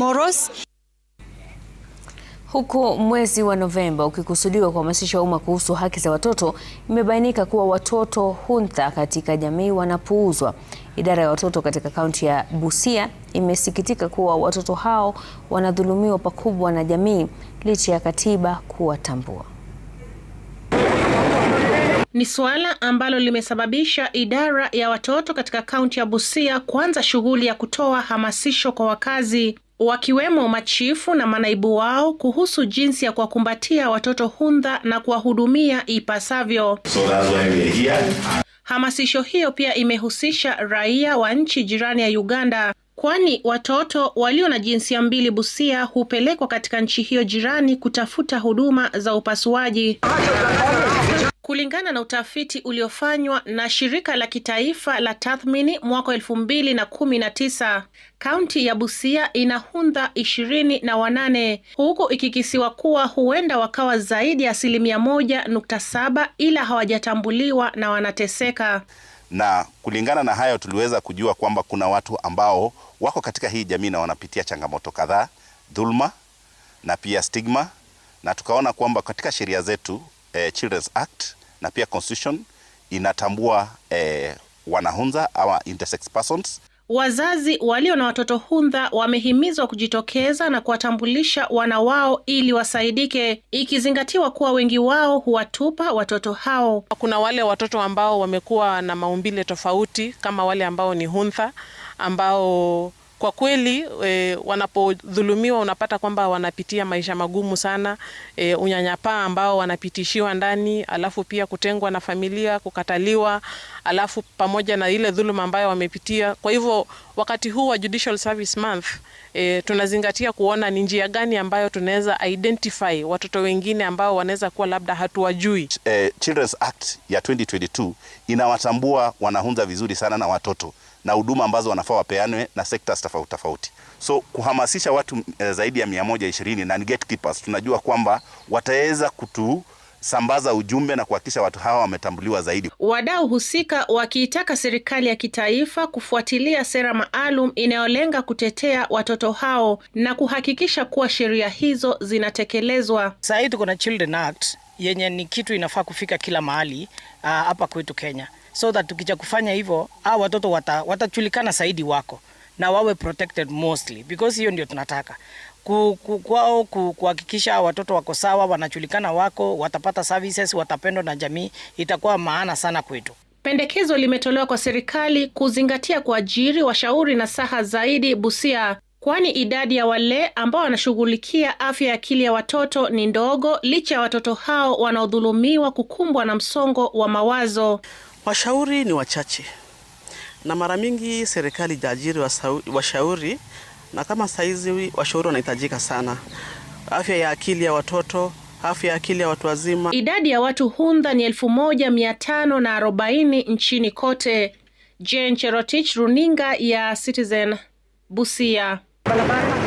Moros. Huku mwezi wa Novemba ukikusudiwa kuhamasisha umma kuhusu haki za watoto, imebainika kuwa watoto huntha katika jamii wanapuuzwa. Idara ya watoto katika kaunti ya Busia imesikitika kuwa watoto hao wanadhulumiwa pakubwa na jamii licha ya katiba kuwatambua. Ni suala ambalo limesababisha idara ya watoto katika kaunti ya Busia kuanza shughuli ya kutoa hamasisho kwa wakazi wakiwemo machifu na manaibu wao kuhusu jinsi ya kuwakumbatia watoto hundha na kuwahudumia ipasavyo. So hamasisho hiyo pia imehusisha raia wa nchi jirani ya Uganda, kwani watoto walio na jinsia mbili Busia hupelekwa katika nchi hiyo jirani kutafuta huduma za upasuaji. Kulingana na utafiti uliofanywa na shirika la kitaifa la tathmini mwaka elfu mbili na kumi na tisa, kaunti ya Busia ina hundha ishirini na wanane huku ikikisiwa kuwa huenda wakawa zaidi ya asilimia moja nukta saba ila hawajatambuliwa na wanateseka. Na kulingana na hayo tuliweza kujua kwamba kuna watu ambao wako katika hii jamii na wanapitia changamoto kadhaa, dhulma na pia stigma, na tukaona kwamba katika sheria zetu eh, Children's Act na pia constitution inatambua eh, wanahunza ama intersex persons. Wazazi walio na watoto hundha wamehimizwa kujitokeza na kuwatambulisha wana wao ili wasaidike, ikizingatiwa kuwa wengi wao huwatupa watoto hao. Kuna wale watoto ambao wamekuwa na maumbile tofauti kama wale ambao ni hundha ambao kwa kweli e, wanapodhulumiwa unapata kwamba wanapitia maisha magumu sana e, unyanyapaa ambao wanapitishiwa ndani, alafu pia kutengwa na familia, kukataliwa, alafu pamoja na ile dhuluma ambayo wamepitia. Kwa hivyo wakati huu wa Judicial Service Month e, tunazingatia kuona ni njia gani ambayo tunaweza identify watoto wengine ambao wanaweza kuwa labda hatuwajui. Eh, Children's Act ya 2022 inawatambua wanahunza vizuri sana na watoto na huduma ambazo wanafaa wapeanwe na sekta tofauti tofauti. So kuhamasisha watu eh, zaidi ya 120 na ni gatekeepers, tunajua kwamba wataweza kutu sambaza ujumbe na kuhakikisha watu hawa wametambuliwa zaidi. Wadau husika wakiitaka serikali ya kitaifa kufuatilia sera maalum inayolenga kutetea watoto hao na kuhakikisha kuwa sheria hizo zinatekelezwa. Sasa hii tuko na Children Act yenye ni kitu inafaa kufika kila mahali ah, hapa kwetu Kenya so that tukija kufanya hivyo au watoto watachulikana wata zaidi wako na wawe protected mostly because hiyo ndio tunataka kwao kuhakikisha watoto wako sawa, wanachulikana wako, watapata services, watapendwa na jamii, itakuwa maana sana kwetu. Pendekezo limetolewa kwa serikali kuzingatia kuajiri washauri na saha zaidi Busia kwani idadi ya wale ambao wanashughulikia afya ya akili ya watoto ni ndogo licha ya watoto hao wanaodhulumiwa kukumbwa na msongo wa mawazo. Washauri ni wachache na mara mingi serikali ijaajiri washauri, na kama saizi washauri wanahitajika sana. Afya ya akili ya watoto afya ya akili ya watu wazima. Idadi ya watu hundha ni elfu moja mia tano na arobaini nchini kote. Jane Cherotich, runinga ya Citizen, Busia. ¡Vamos!